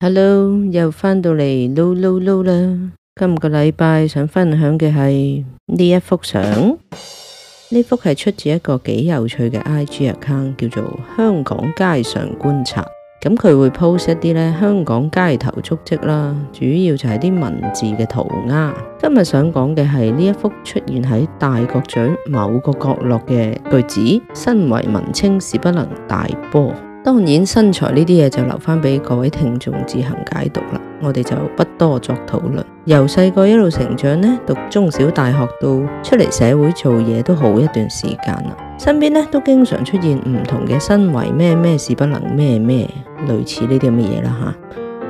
Hello，又返到嚟 Lulu Lulu 啦。今個禮拜想分享嘅係呢一幅相，呢幅係出自一個幾有趣嘅 IG account，叫做香港街上觀察。咁佢會 post 一啲呢香港街頭足跡啦，主要就係啲文字嘅塗鴉。今日想講嘅係呢一幅出現喺大角咀某個角落嘅句子，身為文青是不能大波。當然，身材呢啲嘢就留翻俾各位聽眾自行解讀啦，我哋就不多作討論。由細個一路成長咧，讀中小大學到出嚟社會做嘢都好一段時間啦，身邊咧都經常出現唔同嘅身為咩咩事不能咩咩，類似呢啲咁嘅嘢啦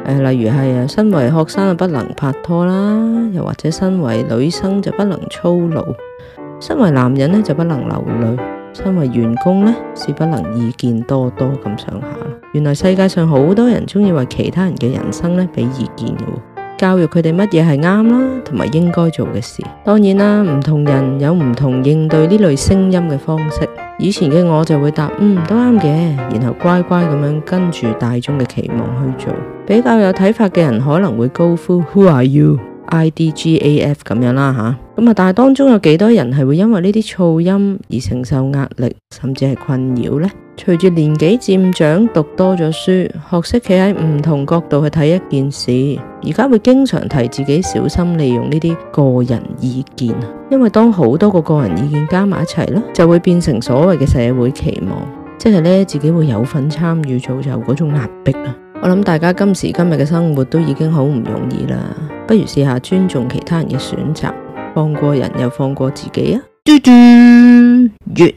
吓。誒，例如係身為學生就不能拍拖啦，又或者身為女生就不能粗魯，身為男人咧就不能流淚。身為員工呢是不能意見多多咁上下。原來世界上好多人鍾意為其他人嘅人生咧俾意見嘅，教育佢哋乜嘢係啱啦，同埋應該做嘅事。當然啦，唔同人有唔同應對呢類聲音嘅方式。以前嘅我就會答，嗯，都啱嘅，然後乖乖咁樣跟住大眾嘅期望去做。比較有睇法嘅人可能會高呼：Who are you？IDGAF 咁樣啦吓，咁啊，但係當中有幾多人係會因為呢啲噪音而承受壓力，甚至係困擾呢？隨住年紀漸長，讀多咗書，學識企喺唔同角度去睇一件事，而家會經常提自己小心利用呢啲個人意見，因為當好多個個人意見加埋一齊咧，就會變成所謂嘅社會期望，即係呢，自己會有份參與，造就嗰種壓迫。我諗大家今時今日嘅生活都已經好唔容易啦。不如試下尊重其他人嘅選擇，放過人又放過自己啊！嘟嘟嘟。 yeah.